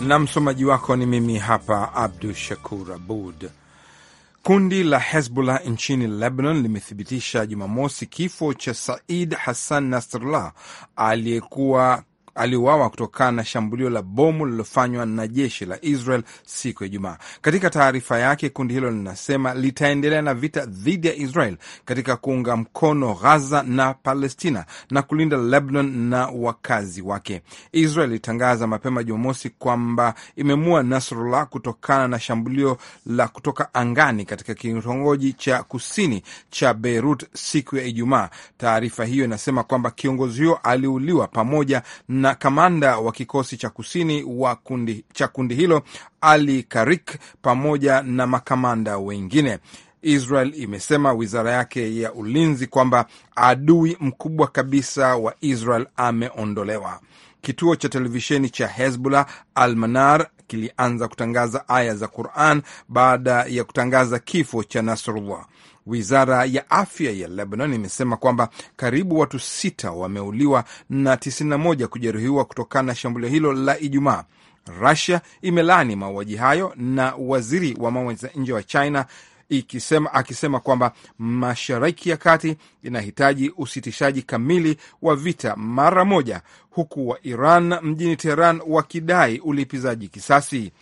na msomaji wako ni mimi hapa Abdu Shakur Abud. Kundi la Hezbollah nchini Lebanon limethibitisha Jumamosi kifo cha Said Hassan Nasrallah aliyekuwa aliuawa kutokana na shambulio la bomu lililofanywa na jeshi la Israel siku ya Ijumaa. Katika taarifa yake, kundi hilo linasema litaendelea na vita dhidi ya Israel katika kuunga mkono Ghaza na Palestina na kulinda Lebanon na wakazi wake. Israel ilitangaza mapema Jumamosi kwamba imemua Nasrullah kutokana na shambulio la kutoka angani katika kitongoji cha kusini cha Beirut siku ya Ijumaa. Taarifa hiyo inasema kwamba kiongozi huyo aliuliwa pamoja na na kamanda wa kikosi cha kusini wa kundi, cha kundi hilo Ali Karik pamoja na makamanda wengine. Israel imesema wizara yake ya ulinzi kwamba adui mkubwa kabisa wa Israel ameondolewa. Kituo cha televisheni cha Hezbollah al manar kilianza kutangaza aya za Quran baada ya kutangaza kifo cha Nasrullah. Wizara ya afya ya Lebanon imesema kwamba karibu watu sita wameuliwa na 91 kujeruhiwa kutokana na shambulio hilo la Ijumaa. Rusia imelaani mauaji hayo na waziri wa mambo ya nje wa China ikisema, akisema kwamba Mashariki ya Kati inahitaji usitishaji kamili wa vita mara moja, huku wa Iran mjini Teheran wakidai ulipizaji kisasi.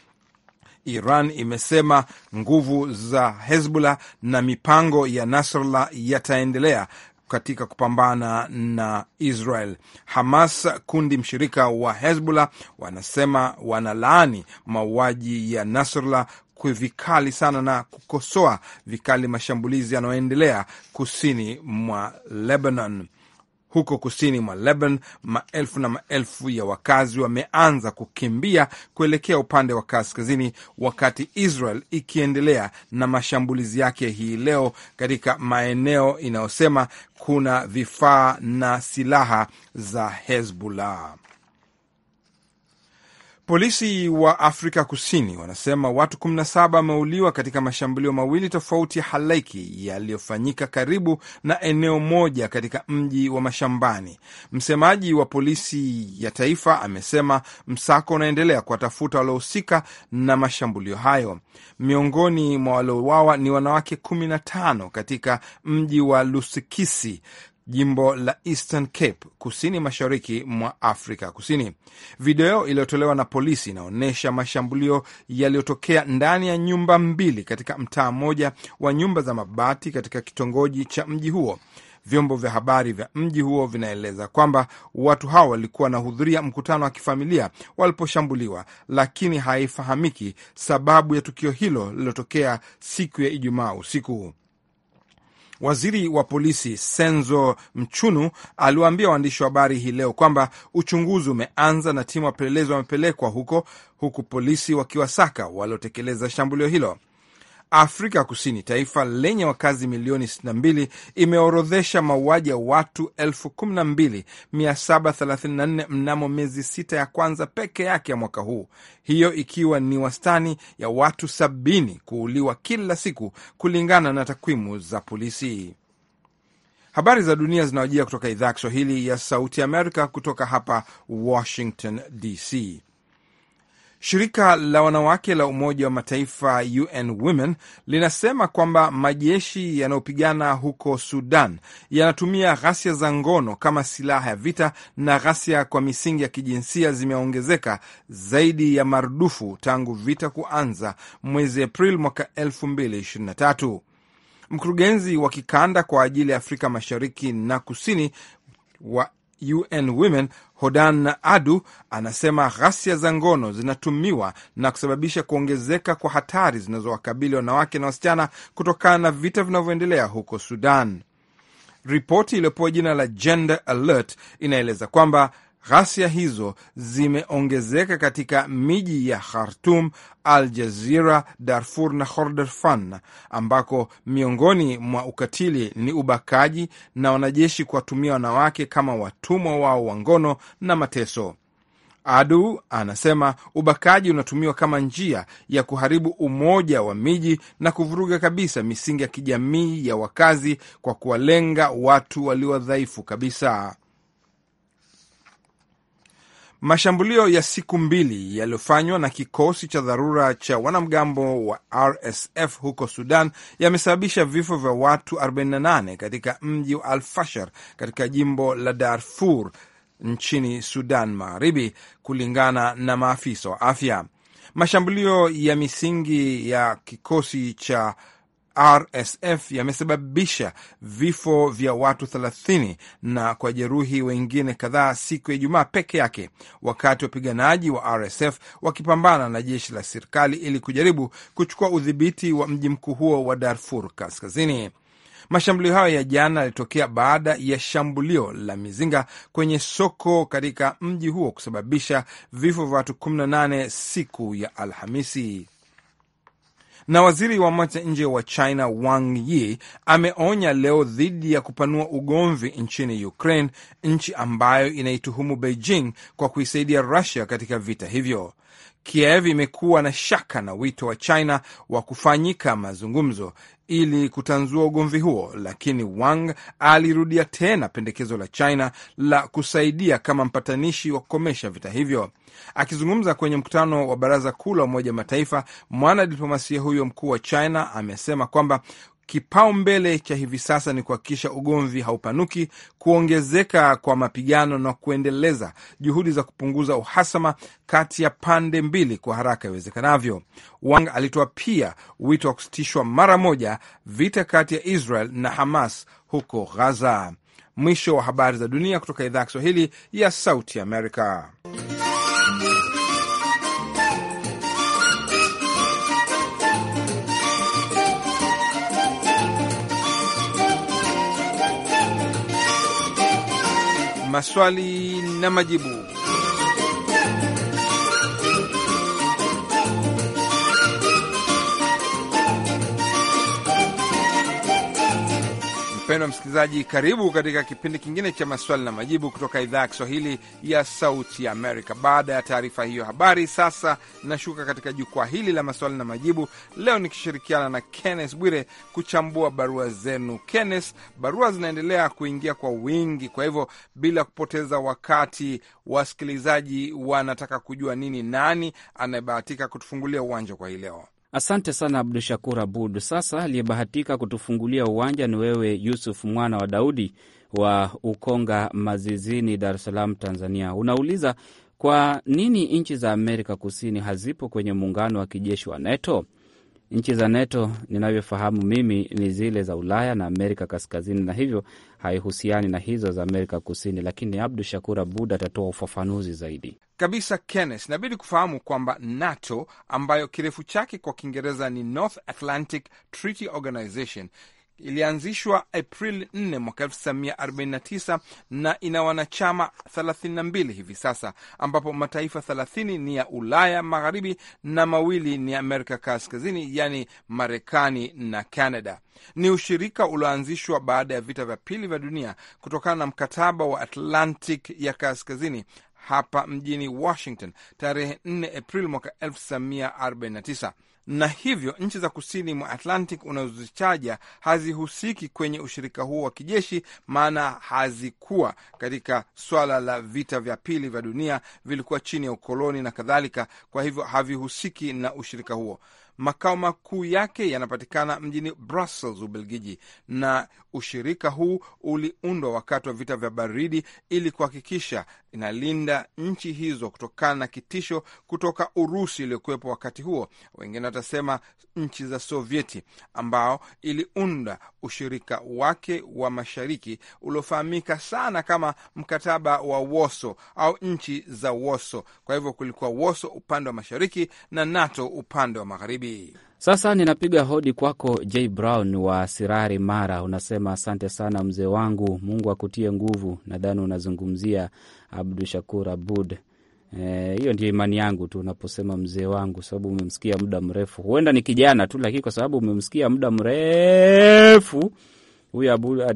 Iran imesema nguvu za Hezbollah na mipango ya Nasrallah yataendelea katika kupambana na Israel. Hamas, kundi mshirika wa Hezbollah, wanasema wanalaani mauaji ya Nasrallah vikali sana na kukosoa vikali mashambulizi yanayoendelea kusini mwa Lebanon. Huko kusini mwa Lebanon, maelfu na maelfu ya wakazi wameanza kukimbia kuelekea upande wa kaskazini, wakati Israel ikiendelea na mashambulizi yake hii leo katika maeneo inayosema kuna vifaa na silaha za Hezbollah. Polisi wa Afrika Kusini wanasema watu 17 wameuliwa katika mashambulio mawili tofauti ya halaiki yaliyofanyika karibu na eneo moja katika mji wa mashambani. Msemaji wa polisi ya taifa amesema msako unaendelea kuwatafuta waliohusika na mashambulio hayo. Miongoni mwa waliowawa ni wanawake 15 katika mji wa Lusikisi jimbo la Eastern Cape kusini mashariki mwa Afrika Kusini. Video iliyotolewa na polisi inaonyesha mashambulio yaliyotokea ndani ya nyumba mbili katika mtaa mmoja wa nyumba za mabati katika kitongoji cha mji huo. Vyombo vya habari vya mji huo vinaeleza kwamba watu hao walikuwa wanahudhuria mkutano wa kifamilia waliposhambuliwa, lakini haifahamiki sababu ya tukio hilo lililotokea siku ya Ijumaa usiku. Waziri wa polisi Senzo Mchunu aliwaambia waandishi wa habari hii leo kwamba uchunguzi umeanza na timu wapelelezi wamepelekwa huko, huku polisi wakiwasaka waliotekeleza shambulio hilo. Afrika Kusini, taifa lenye wakazi milioni 62, imeorodhesha mauaji ya watu 12734 mnamo miezi sita ya kwanza peke yake ya mwaka huu, hiyo ikiwa ni wastani ya watu 70 kuuliwa kila siku, kulingana na takwimu za polisi. Habari za dunia zinawajia kutoka idhaa ya Kiswahili ya Sauti Amerika, kutoka hapa Washington DC. Shirika la wanawake la Umoja wa Mataifa UN Women linasema kwamba majeshi yanayopigana huko Sudan yanatumia ghasia za ngono kama silaha ya vita na ghasia kwa misingi ya kijinsia zimeongezeka zaidi ya marudufu tangu vita kuanza mwezi Aprili mwaka 2023. Mkurugenzi wa kikanda kwa ajili ya Afrika Mashariki na Kusini wa UN Women Hodan Adu anasema ghasia za ngono zinatumiwa na kusababisha kuongezeka kwa hatari zinazowakabili wanawake na wasichana kutokana na vita vinavyoendelea huko Sudan. Ripoti iliyopewa jina la Gender Alert inaeleza kwamba Ghasia hizo zimeongezeka katika miji ya Khartum, al Jazira, Darfur na horderfan ambako miongoni mwa ukatili ni ubakaji na wanajeshi kuwatumia wanawake kama watumwa wao wa ngono na mateso. Adu anasema ubakaji unatumiwa kama njia ya kuharibu umoja wa miji na kuvuruga kabisa misingi ya kijamii ya wakazi kwa kuwalenga watu walio wadhaifu kabisa. Mashambulio ya siku mbili yaliyofanywa na kikosi cha dharura cha wanamgambo wa RSF huko Sudan yamesababisha vifo vya watu 48 katika mji wa Al-Fashar katika jimbo la Darfur nchini Sudan Magharibi, kulingana na maafisa wa afya. Mashambulio ya misingi ya kikosi cha RSF yamesababisha vifo vya watu 30 na kwa jeruhi wengine kadhaa siku ya Ijumaa peke yake, wakati wapiganaji wa RSF wakipambana na jeshi la serikali ili kujaribu kuchukua udhibiti wa mji mkuu huo wa Darfur Kaskazini. Mashambulio hayo ya jana yalitokea baada ya shambulio la mizinga kwenye soko katika mji huo kusababisha vifo vya watu 18 siku ya Alhamisi. Na waziri wa mambo ya nje wa China Wang Yi ameonya leo dhidi ya kupanua ugomvi nchini Ukraine, nchi ambayo inaituhumu Beijing kwa kuisaidia Russia katika vita hivyo. Kiev imekuwa na shaka na wito wa China wa kufanyika mazungumzo ili kutanzua ugomvi huo, lakini Wang alirudia tena pendekezo la China la kusaidia kama mpatanishi wa kukomesha vita hivyo. Akizungumza kwenye mkutano wa Baraza Kuu la Umoja Mataifa, mwana diplomasia huyo mkuu wa China amesema kwamba Kipaumbele cha hivi sasa ni kuhakikisha ugomvi haupanuki, kuongezeka kwa mapigano na kuendeleza juhudi za kupunguza uhasama kati ya pande mbili kwa haraka iwezekanavyo. Wang alitoa pia wito wa kusitishwa mara moja vita kati ya Israel na Hamas huko Gaza. Mwisho wa habari za dunia kutoka idhaa ya Kiswahili ya Sauti Amerika. maswali na majibu. Mpendwa msikilizaji, karibu katika kipindi kingine cha maswali na majibu kutoka idhaa ya Kiswahili ya Sauti ya Amerika. Baada ya taarifa hiyo habari, sasa nashuka katika jukwaa hili la maswali na majibu, leo nikishirikiana na Kenneth Bwire kuchambua barua zenu. Kenneth, barua zinaendelea kuingia kwa wingi, kwa hivyo bila kupoteza wakati, wasikilizaji wanataka kujua nini, nani anayebahatika kutufungulia uwanja kwa hii leo? Asante sana Abdu Shakur Abud. Sasa aliyebahatika kutufungulia uwanja ni wewe Yusuf mwana wa Daudi wa Ukonga Mazizini, Dar es Salaam, Tanzania. Unauliza, kwa nini nchi za Amerika Kusini hazipo kwenye muungano wa kijeshi wa NATO? Nchi za NATO ninavyofahamu mimi ni zile za Ulaya na Amerika Kaskazini, na hivyo haihusiani na hizo za Amerika Kusini, lakini Abdu Shakur Abud atatoa ufafanuzi zaidi kabisa. Kenneth, inabidi kufahamu kwamba NATO ambayo kirefu chake kwa Kiingereza ni North Atlantic Treaty Organization ilianzishwa april 4 mwaka 1949 na ina wanachama 32 hivi sasa, ambapo mataifa 30 ni ya Ulaya Magharibi na mawili ni Amerika Kaskazini, yaani Marekani na Canada. Ni ushirika ulioanzishwa baada ya vita vya pili vya dunia kutokana na mkataba wa Atlantic ya Kaskazini hapa mjini Washington tarehe 4 april mwaka 1949 na hivyo nchi za kusini mwa Atlantic unazozichaja hazihusiki kwenye ushirika huo wa kijeshi, maana hazikuwa katika swala la vita vya pili vya dunia, vilikuwa chini ya ukoloni na kadhalika. Kwa hivyo havihusiki na ushirika huo. Makao makuu yake yanapatikana mjini Brussels, Ubelgiji, na ushirika huu uliundwa wakati wa vita vya baridi ili kuhakikisha inalinda nchi hizo kutokana na kitisho kutoka Urusi iliyokuwepo wakati huo, wengine watasema nchi za Sovieti, ambao iliunda ushirika wake wa mashariki uliofahamika sana kama mkataba wa Woso au nchi za Woso. Kwa hivyo kulikuwa Woso upande wa mashariki na NATO upande wa magharibi. Sasa ninapiga hodi kwako J Brown wa Sirari, Mara. Unasema asante sana mzee wangu, Mungu akutie nguvu. Nadhani unazungumzia Abdu Shakur Abud. Eh, hiyo e, ndio imani yangu tu unaposema mzee wangu, sababu umemsikia muda mrefu. Huenda ni kijana tu, lakini kwa sababu umemsikia muda mrefu huyu uh,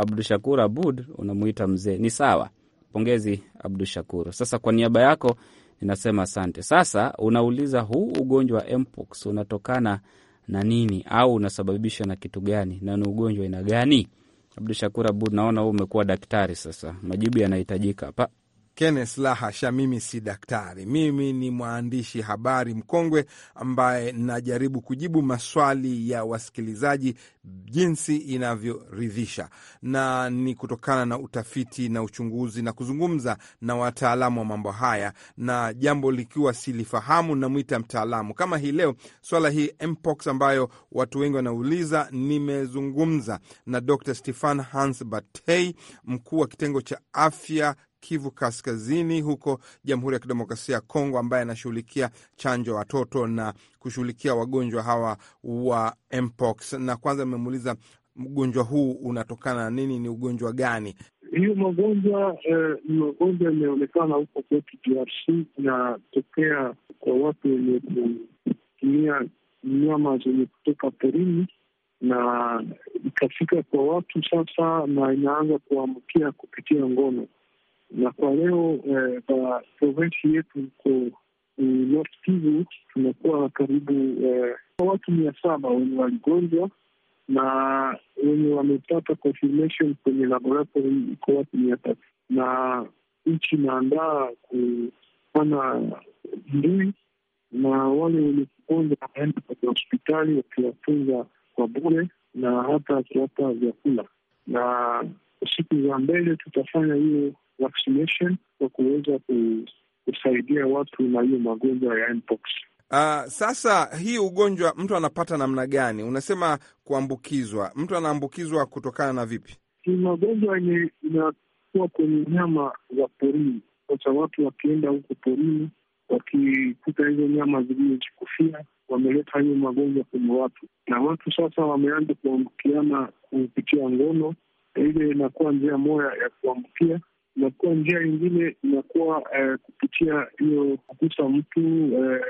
Abdu Shakur Abud unamuita mzee, ni sawa. Pongezi Abdu Shakur. Sasa kwa niaba yako ninasema asante. Sasa unauliza huu ugonjwa wa mpox unatokana na nini au unasababishwa na kitu gani na ni ugonjwa aina gani? Abdu Shakur Abud, naona huu umekuwa daktari sasa, majibu yanahitajika hapa. Kenneth la hasha, mimi si daktari, mimi ni mwandishi habari mkongwe ambaye najaribu kujibu maswali ya wasikilizaji jinsi inavyoridhisha, na ni kutokana na utafiti na uchunguzi na kuzungumza na wataalamu wa mambo haya, na jambo likiwa silifahamu namwita mtaalamu. Kama hii leo swala hii mpox ambayo watu wengi wanauliza, nimezungumza na Dr. Stefan Hans batei mkuu wa kitengo cha afya Kivu Kaskazini huko Jamhuri ya Kidemokrasia ya Kongo, ambaye anashughulikia chanjo ya watoto na kushughulikia wagonjwa hawa wa mpox, na kwanza amemuuliza mgonjwa huu unatokana na nini? Ni ugonjwa gani? Hiyo magonjwa eh, ni magonjwa imeonekana huko kwetu DRC, inatokea kwa watu wenye kutumia nyama zenye kutoka porini na ikafika kwa watu sasa, na inaanza kuamkia kupitia ngono na kwa leo eh, kwa provensi yetu huko eh, North Kivu tunakuwa karibu eh, watu mia saba wenye waligonjwa na wenye wamepata confirmation kwenye laboratory iko watu mia tatu na nchi inaandaa kufana ndui na wale wenye kugonjwa wanaenda kwenye hospitali wakiwatunza kwa bure na hata akiwapa vyakula, na siku za mbele tutafanya hiyo vaccination kwa kuweza kusaidia watu na hiyo magonjwa ya mpox. Uh, sasa hii ugonjwa mtu anapata namna gani? Unasema kuambukizwa, mtu anaambukizwa kutokana na vipi? Ni magonjwa yenye inakuwa kwenye nyama za porini. Sasa watu wakienda huko porini, wakikuta hizo nyama zilizojikufia, wameleta hiyo magonjwa kwenye watu, na watu sasa wameanza kuambukiana kupitia ngono. Ile inakuwa njia moja ya kuambukia inakuwa njia nyingine inakuwa eh, kupitia hiyo kugusa mtu eh,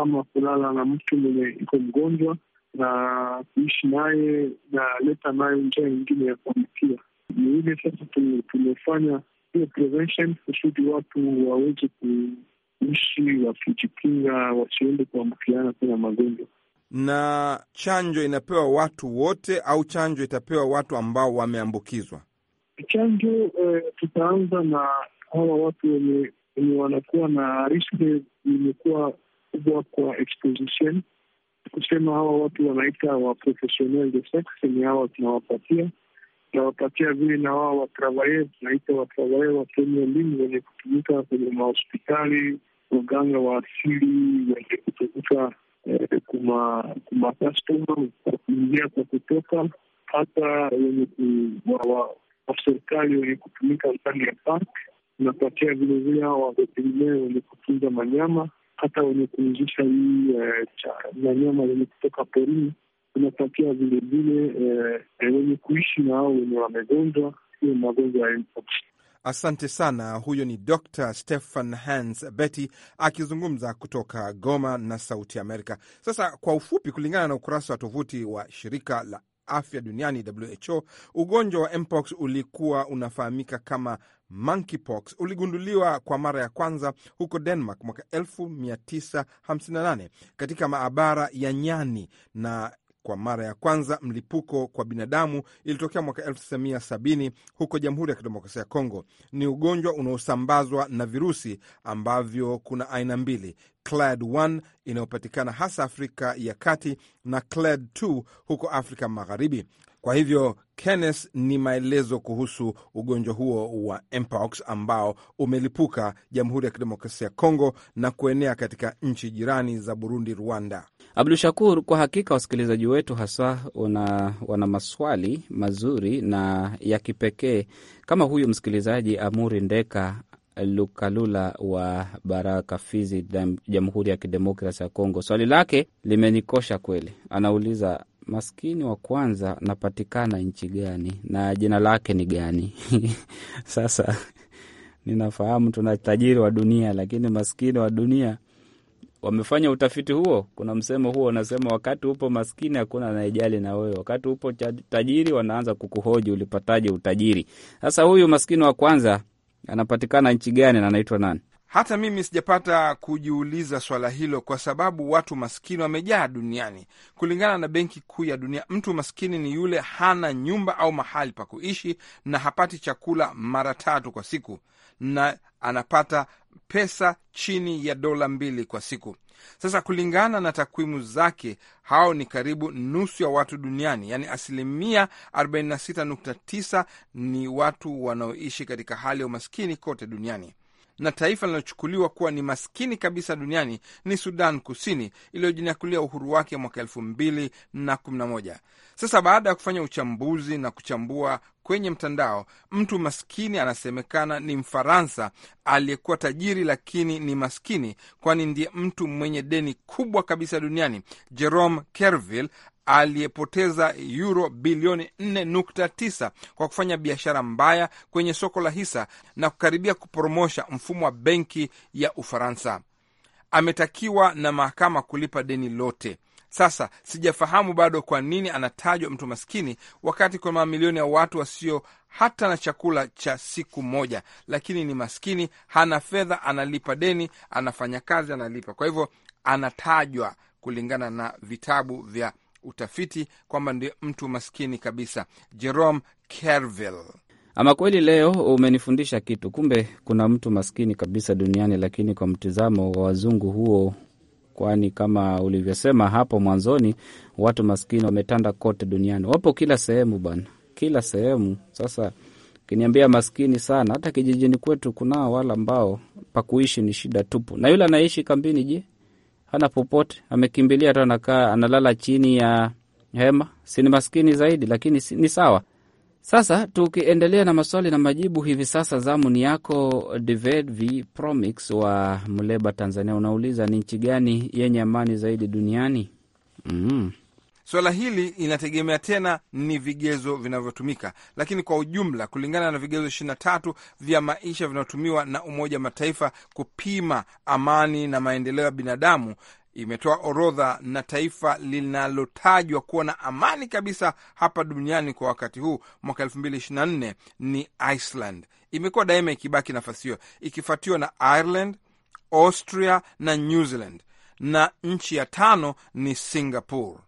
ama kulala na mtu mwenye iko mgonjwa na kuishi naye naleta nayo njia nyingine ya kuambukia. Ni ile sasa tumefanya hiyo prevention kusudi watu waweze kuishi wakijikinga, wasiende kuambukiana tena magonjwa. Na chanjo inapewa watu wote au chanjo itapewa watu ambao wameambukizwa? Chanjo eh, tutaanza na hawa watu wenye wenye wanakuwa na riski imekuwa kubwa kwa exposition, kusema hawa watu wanaita wa professionnel de ni hawa tunawapatia tunawapatia vile na wao watravaye, tunaita watravaye wa premier wenye kutumika kwenye mahospitali, waganga wa asili wenye kutumika eh, kumakastoma kwa kuingia kwa kutoka, hata wenye wa serikali wenye kutumika ndani ya park, unapatia vilevile hawa waveterinea wenye kutunza manyama, hata wenye kuuzisha hii eh, manyama wenye kutoka porini, unapatia vilevile eh, wenye kuishi na hao wenye wamegonjwa hiyo magonjwa ya mpox. Asante sana. Huyo ni Dr Stefan Hans Betty akizungumza kutoka Goma na Sauti Amerika. Sasa kwa ufupi, kulingana na ukurasa wa tovuti wa shirika la afya duniani WHO, ugonjwa wa mpox ulikuwa unafahamika kama monkeypox, uligunduliwa kwa mara ya kwanza huko Denmark mwaka 1958 katika maabara ya nyani na kwa mara ya kwanza mlipuko kwa binadamu ilitokea mwaka 1970 huko Jamhuri ya Kidemokrasia ya Kongo. Ni ugonjwa unaosambazwa na virusi ambavyo kuna aina mbili, Clade 1 inayopatikana hasa Afrika ya Kati na Clade 2 huko Afrika Magharibi. Kwa hivyo Kenneth, ni maelezo kuhusu ugonjwa huo wa mpox ambao umelipuka Jamhuri ya Kidemokrasia ya Kongo na kuenea katika nchi jirani za Burundi, Rwanda. Abdu Shakur, kwa hakika wasikilizaji wetu hasa una, wana maswali mazuri na ya kipekee kama huyu msikilizaji Amuri Ndeka Lukalula wa Baraka, Fizi, Jamhuri ya Kidemokrasi ya Kongo. Swali lake limenikosha kweli, anauliza maskini wa kwanza napatikana nchi gani na jina lake ni gani? Sasa ninafahamu tuna tajiri wa dunia, lakini maskini wa dunia wamefanya utafiti huo. Kuna msemo huo unasema, wakati upo maskini hakuna anayejali na wewe, wakati upo tajiri wanaanza kukuhoji ulipataje utajiri. Sasa huyu maskini wa kwanza anapatikana nchi gani na anaitwa nani? Hata mimi sijapata kujiuliza swala hilo, kwa sababu watu maskini wamejaa duniani. Kulingana na Benki Kuu ya Dunia, mtu maskini ni yule hana nyumba au mahali pa kuishi na hapati chakula mara tatu kwa siku, na anapata pesa chini ya dola mbili kwa siku. Sasa kulingana na takwimu zake, hao ni karibu nusu ya watu duniani, yaani asilimia 46.9 ni watu wanaoishi katika hali ya umaskini kote duniani na taifa linalochukuliwa kuwa ni maskini kabisa duniani ni Sudan Kusini iliyojinyakulia uhuru wake mwaka elfu mbili na kumi na moja. Sasa baada ya kufanya uchambuzi na kuchambua kwenye mtandao, mtu maskini anasemekana ni Mfaransa aliyekuwa tajiri lakini ni maskini, kwani ndiye mtu mwenye deni kubwa kabisa duniani, Jerome Kerville aliyepoteza euro bilioni 4.9 kwa kufanya biashara mbaya kwenye soko la hisa na kukaribia kuporomosha mfumo wa benki ya Ufaransa. Ametakiwa na mahakama kulipa deni lote. Sasa sijafahamu bado kwa nini anatajwa mtu maskini wakati kuna mamilioni ya watu wasio hata na chakula cha siku moja, lakini ni maskini, hana fedha, analipa deni, anafanya kazi, analipa. Kwa hivyo anatajwa kulingana na vitabu vya utafiti kwamba ndio mtu maskini kabisa, Jerome Carville. Ama kweli leo umenifundisha kitu. Kumbe kuna mtu maskini kabisa duniani, lakini kwa mtizamo wa wazungu huo kwani kama ulivyosema hapo mwanzoni, watu maskini wametanda kote duniani, wapo kila sehemu bwana, kila sehemu. Sasa kiniambia maskini sana, hata kijijini kwetu kunao wale ambao pakuishi ni shida tupu, na yule anaishi kambini, je, hana popote, amekimbilia tu, anakaa analala chini ya hema, si ni maskini zaidi? Lakini ni sawa sasa tukiendelea na maswali na majibu, hivi sasa zamu ni yako David V Promix wa Mleba, Tanzania. Unauliza, ni nchi gani yenye amani zaidi duniani? mm. Swala hili linategemea tena ni vigezo vinavyotumika, lakini kwa ujumla, kulingana na vigezo ishirini na tatu vya maisha vinavyotumiwa na Umoja wa Mataifa kupima amani na maendeleo ya binadamu, imetoa orodha na taifa linalotajwa kuwa na amani kabisa hapa duniani kwa wakati huu mwaka nne ni Iceland. Imekuwa daima ikibaki nafasi hiyo ikifuatiwa na Ireland, Austria na New Zealand, na nchi ya tano ni Singapore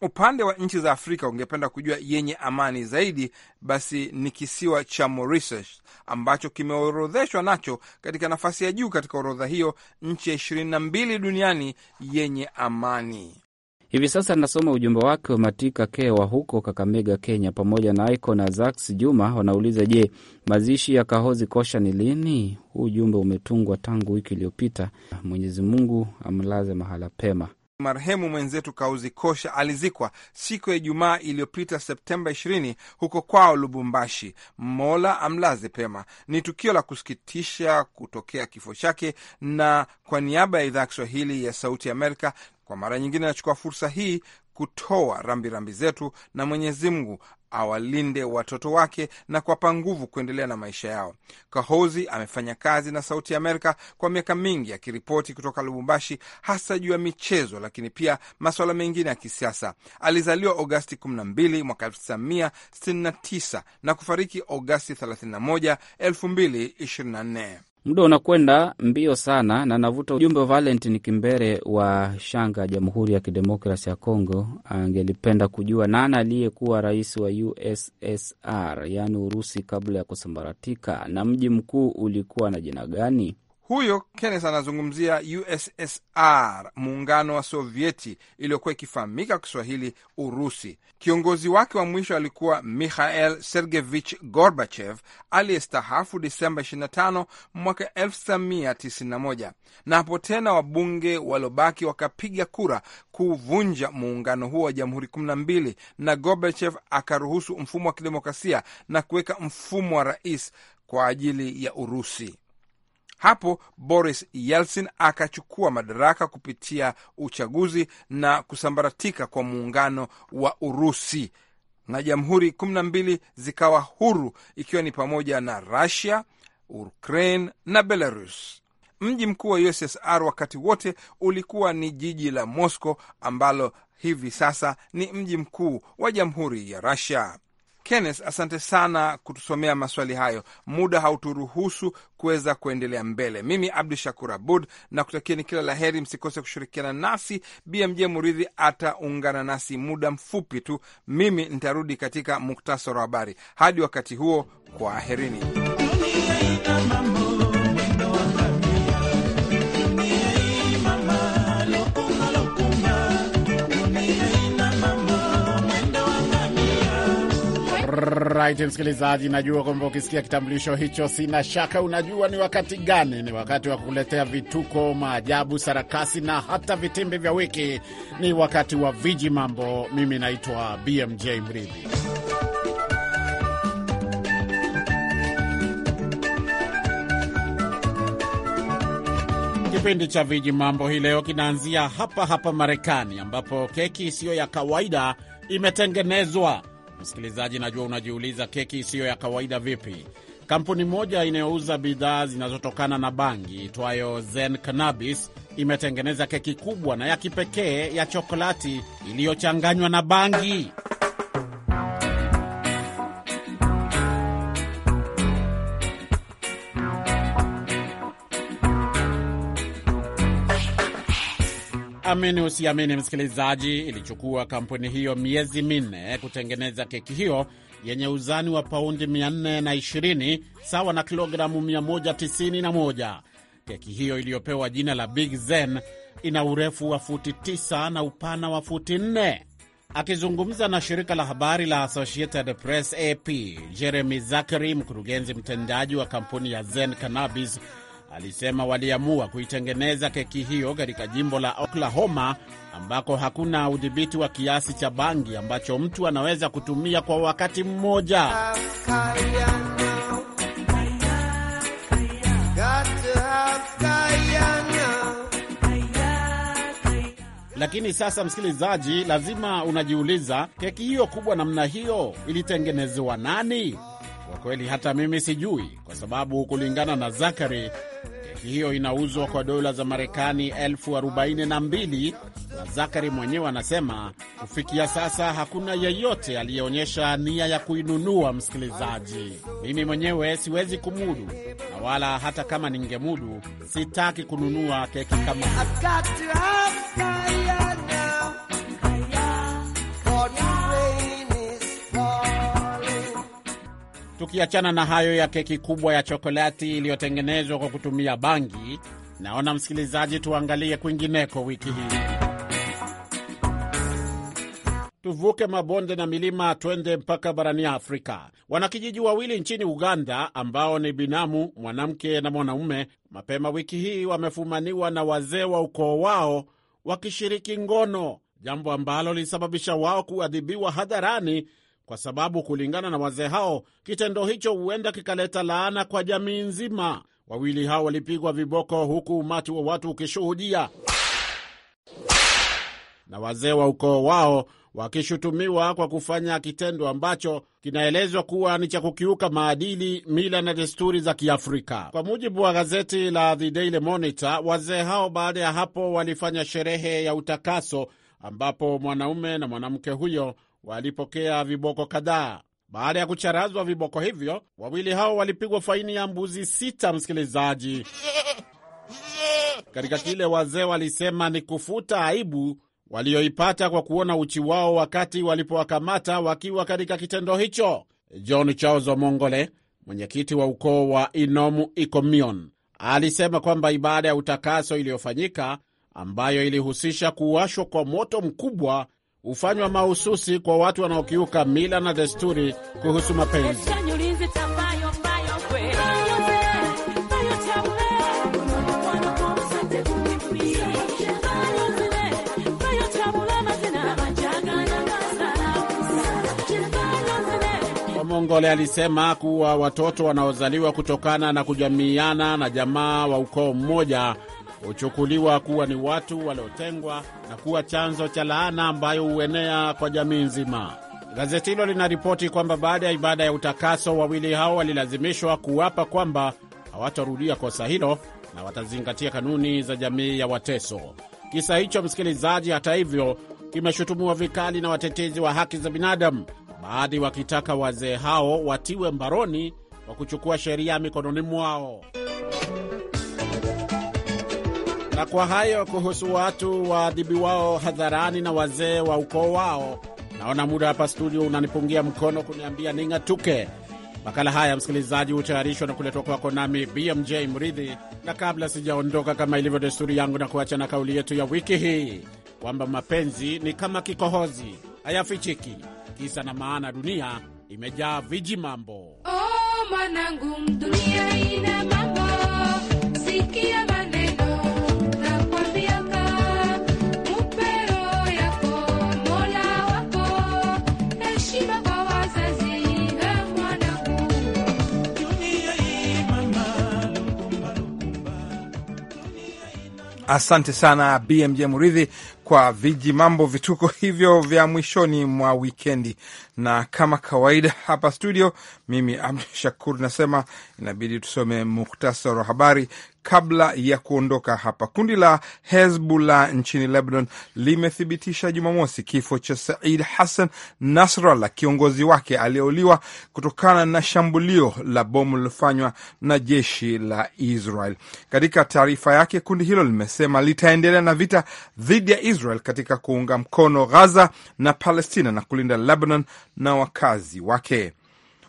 upande wa nchi za Afrika ungependa kujua yenye amani zaidi, basi ni kisiwa cha Mauritius ambacho kimeorodheshwa nacho katika nafasi ya juu katika orodha hiyo, nchi ya ishirini na mbili duniani yenye amani. Hivi sasa nasoma ujumbe wake wa Matika Kewa huko Kakamega, Kenya, pamoja na Icon na Zax Juma wanauliza, je, mazishi ya Kahozi Kosha ni lini? Huu ujumbe umetungwa tangu wiki iliyopita. Mwenyezi Mungu amlaze mahala pema. Marehemu mwenzetu Kauzi Kosha alizikwa siku ya Ijumaa iliyopita Septemba 20 huko kwao Lubumbashi. Mola amlaze pema. Ni tukio la kusikitisha kutokea kifo chake, na kwa niaba ya idhaa ya Kiswahili ya Sauti Amerika, kwa mara nyingine anachukua fursa hii kutoa rambirambi rambi zetu, na Mwenyezi Mungu awalinde watoto wake na kuwapa nguvu kuendelea na maisha yao. Kahozi amefanya kazi na Sauti ya Amerika kwa miaka mingi akiripoti kutoka Lubumbashi, hasa juu ya michezo, lakini pia masuala mengine ya kisiasa. Alizaliwa Agosti 12 mwaka 1969 na kufariki Agosti 31, 2024. Muda unakwenda mbio sana, na navuta ujumbe wa Valentin Kimbere wa Shanga, Jamhuri ya Kidemokrasi ya Congo. Angelipenda kujua nani aliyekuwa rais wa USSR, yaani Urusi, kabla ya kusambaratika, na mji mkuu ulikuwa na jina gani? huyo Kenneth anazungumzia USSR, muungano wa Sovieti iliyokuwa ikifahamika Kiswahili Urusi. Kiongozi wake wa mwisho alikuwa Mikhail Sergevich Gorbachev aliyestahafu Disemba 25 mwaka 1991, na hapo tena wabunge waliobaki wakapiga kura kuvunja muungano huo wa jamhuri 12 na Gorbachev akaruhusu mfumo wa kidemokrasia na kuweka mfumo wa rais kwa ajili ya Urusi. Hapo Boris Yeltsin akachukua madaraka kupitia uchaguzi na kusambaratika kwa muungano wa Urusi na jamhuri kumi na mbili zikawa huru ikiwa ni pamoja na Russia, Ukraine na Belarus. Mji mkuu wa USSR wakati wote ulikuwa ni jiji la Moscow ambalo hivi sasa ni mji mkuu wa jamhuri ya Russia. Kenneth, asante sana kutusomea maswali hayo. Muda hauturuhusu kuweza kuendelea mbele. Mimi Abdu Shakur Abud na kutakieni kila la heri. Msikose kushirikiana nasi. BMJ Muridhi ataungana nasi muda mfupi tu. Mimi nitarudi katika muktasari wa habari. Hadi wakati huo, kwaherini. Alright, msikilizaji, najua kwamba ukisikia kitambulisho hicho, sina shaka unajua ni wakati gani. Ni wakati wa kukuletea vituko, maajabu, sarakasi na hata vitimbi vya wiki. Ni wakati wa viji mambo. Mimi naitwa BMJ Mridhi. Kipindi cha viji mambo hii leo kinaanzia hapa hapa Marekani, ambapo keki isiyo ya kawaida imetengenezwa Msikilizaji, najua unajiuliza keki isiyo ya kawaida vipi? Kampuni moja inayouza bidhaa zinazotokana na bangi itwayo Zen Cannabis imetengeneza keki kubwa na ya kipekee ya chokolati iliyochanganywa na bangi. Amini usiamini, msikilizaji, ilichukua kampuni hiyo miezi minne kutengeneza keki hiyo yenye uzani wa paundi 420 sawa na kilogramu 191. Keki hiyo iliyopewa jina la Big Zen ina urefu wa futi 9 na upana wa futi 4. Akizungumza na shirika la habari la Associated Press AP, Jeremy Zachary, mkurugenzi mtendaji wa kampuni ya Zen Cannabis alisema waliamua kuitengeneza keki hiyo katika jimbo la Oklahoma ambako hakuna udhibiti wa kiasi cha bangi ambacho mtu anaweza kutumia kwa wakati mmoja. Lakini sasa, msikilizaji, lazima unajiuliza, keki hiyo kubwa namna hiyo ilitengenezewa nani? Kwa kweli hata mimi sijui, kwa sababu kulingana na Zakari, keki hiyo inauzwa kwa dola za Marekani elfu arobaini na mbili na Zakari mwenyewe anasema kufikia sasa hakuna yeyote aliyeonyesha nia ya kuinunua. Msikilizaji, mimi mwenyewe siwezi kumudu, na wala hata kama ningemudu, sitaki kununua keki kama Tukiachana na hayo ya keki kubwa ya chokolati iliyotengenezwa kwa kutumia bangi, naona msikilizaji, tuangalie kwingineko wiki hii. Tuvuke mabonde na milima, twende mpaka barani Afrika. Wanakijiji wawili nchini Uganda ambao ni binamu, mwanamke na mwanaume, mapema wiki hii wamefumaniwa na wazee wa ukoo wao wakishiriki ngono, jambo ambalo lilisababisha wao kuadhibiwa hadharani kwa sababu kulingana na wazee hao kitendo hicho huenda kikaleta laana kwa jamii nzima. Wawili hao walipigwa viboko, huku umati wa watu ukishuhudia na wazee wa ukoo wao wakishutumiwa kwa kufanya kitendo ambacho kinaelezwa kuwa ni cha kukiuka maadili, mila na desturi za Kiafrika. Kwa mujibu wa gazeti la The Daily Monitor, wazee hao baada ya hapo walifanya sherehe ya utakaso ambapo mwanaume na mwanamke huyo walipokea viboko kadhaa. Baada ya kucharazwa viboko hivyo, wawili hao walipigwa faini ya mbuzi sita, msikilizaji, katika kile wazee walisema ni kufuta aibu walioipata kwa kuona uchi wao wakati walipowakamata wakiwa katika kitendo hicho. John Charles Omongole, mwenyekiti wa ukoo wa Inomu Ikomion, alisema kwamba ibada ya utakaso iliyofanyika ambayo ilihusisha kuwashwa kwa moto mkubwa hufanywa mahususi kwa watu wanaokiuka mila na desturi kuhusu mapenzi. Mongole alisema kuwa watoto wanaozaliwa kutokana na kujamiana na jamaa wa ukoo mmoja huchukuliwa kuwa ni watu waliotengwa na kuwa chanzo cha laana ambayo huenea kwa jamii nzima. Gazeti hilo linaripoti kwamba baada ya ibada ya utakaso, wawili hao walilazimishwa kuapa kwamba hawatarudia kosa hilo na watazingatia kanuni za jamii ya Wateso. Kisa hicho, msikilizaji, hata hivyo, kimeshutumiwa vikali na watetezi wa haki za binadamu, baadhi wakitaka wazee hao watiwe mbaroni kwa kuchukua sheria mikononi mwao. Na kwa hayo kuhusu watu waadhibi wao hadharani na wazee wa ukoo wao, naona muda hapa studio unanipungia mkono kuniambia ning'atuke. Makala haya msikilizaji, hutayarishwa na kuletwa kwako nami BMJ Mridhi, na kabla sijaondoka, kama ilivyo desturi yangu, na kuacha na kauli yetu ya wiki hii kwamba mapenzi ni kama kikohozi, hayafichiki. Kisa na maana, dunia imejaa viji mambo. Oh, manangu, dunia ina mambo Asante sana BMJ Muridhi kwa viji mambo vituko hivyo vya mwishoni mwa wikendi na kama kawaida hapa studio, mimi Abdu Shakur nasema inabidi tusome muhtasari wa habari kabla ya kuondoka hapa. Kundi la Hezbollah nchini Lebanon limethibitisha Jumamosi kifo cha Said Hassan Nasrallah, kiongozi wake aliyeuliwa kutokana na shambulio la bomu lilofanywa na jeshi la Israel. Katika taarifa yake, kundi hilo limesema litaendelea na vita dhidi ya Israel katika kuunga mkono Gaza na Palestina na kulinda Lebanon na wakazi wake.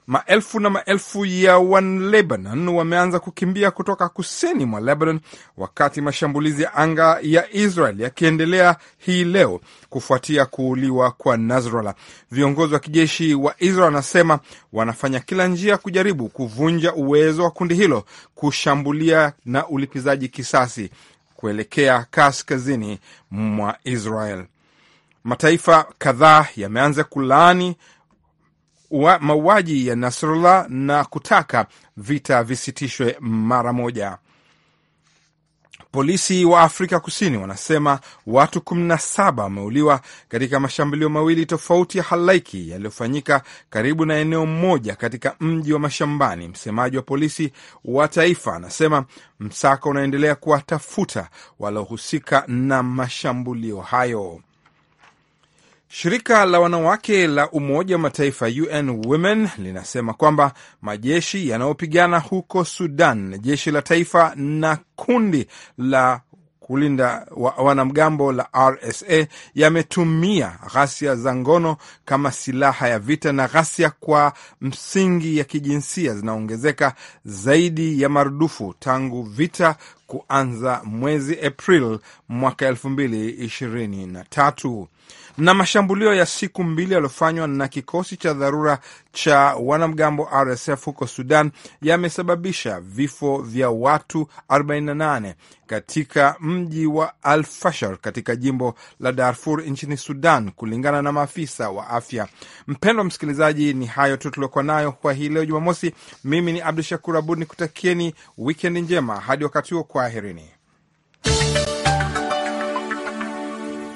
Maelfu na maelfu ya Wanlebanon wameanza kukimbia kutoka kusini mwa Lebanon wakati mashambulizi ya anga ya Israel yakiendelea hii leo kufuatia kuuliwa kwa Nasrallah. Viongozi wa kijeshi wa Israel wanasema wanafanya kila njia kujaribu kuvunja uwezo wa kundi hilo kushambulia na ulipizaji kisasi kuelekea kaskazini mwa Israel. Mataifa kadhaa yameanza kulaani mauaji ya Nasrullah na kutaka vita visitishwe mara moja. Polisi wa Afrika Kusini wanasema watu 17 wameuliwa katika mashambulio mawili tofauti ya halaiki yaliyofanyika karibu na eneo moja katika mji wa mashambani. Msemaji wa polisi wa taifa anasema msako unaendelea kuwatafuta waliohusika na mashambulio hayo. Shirika la wanawake la Umoja wa Mataifa UN Women linasema kwamba majeshi yanayopigana huko Sudan, jeshi la taifa na kundi la kulinda wanamgambo la RSA yametumia ghasia za ngono kama silaha ya vita, na ghasia kwa msingi ya kijinsia zinaongezeka zaidi ya marudufu tangu vita kuanza mwezi april mwaka elfu mbili ishirini na tatu. Na mashambulio ya siku mbili yaliyofanywa na kikosi cha dharura cha wanamgambo RSF huko Sudan yamesababisha vifo vya watu 48 katika mji wa Al Fashar katika jimbo la Darfur nchini Sudan, kulingana na maafisa wa afya. Mpendwa msikilizaji, ni hayo tu tuliokuwa nayo kwa hii leo Jumamosi. Mimi ni Abdu Shakur Abud ni kutakieni wikendi njema hadi wakati huo, kwaherini.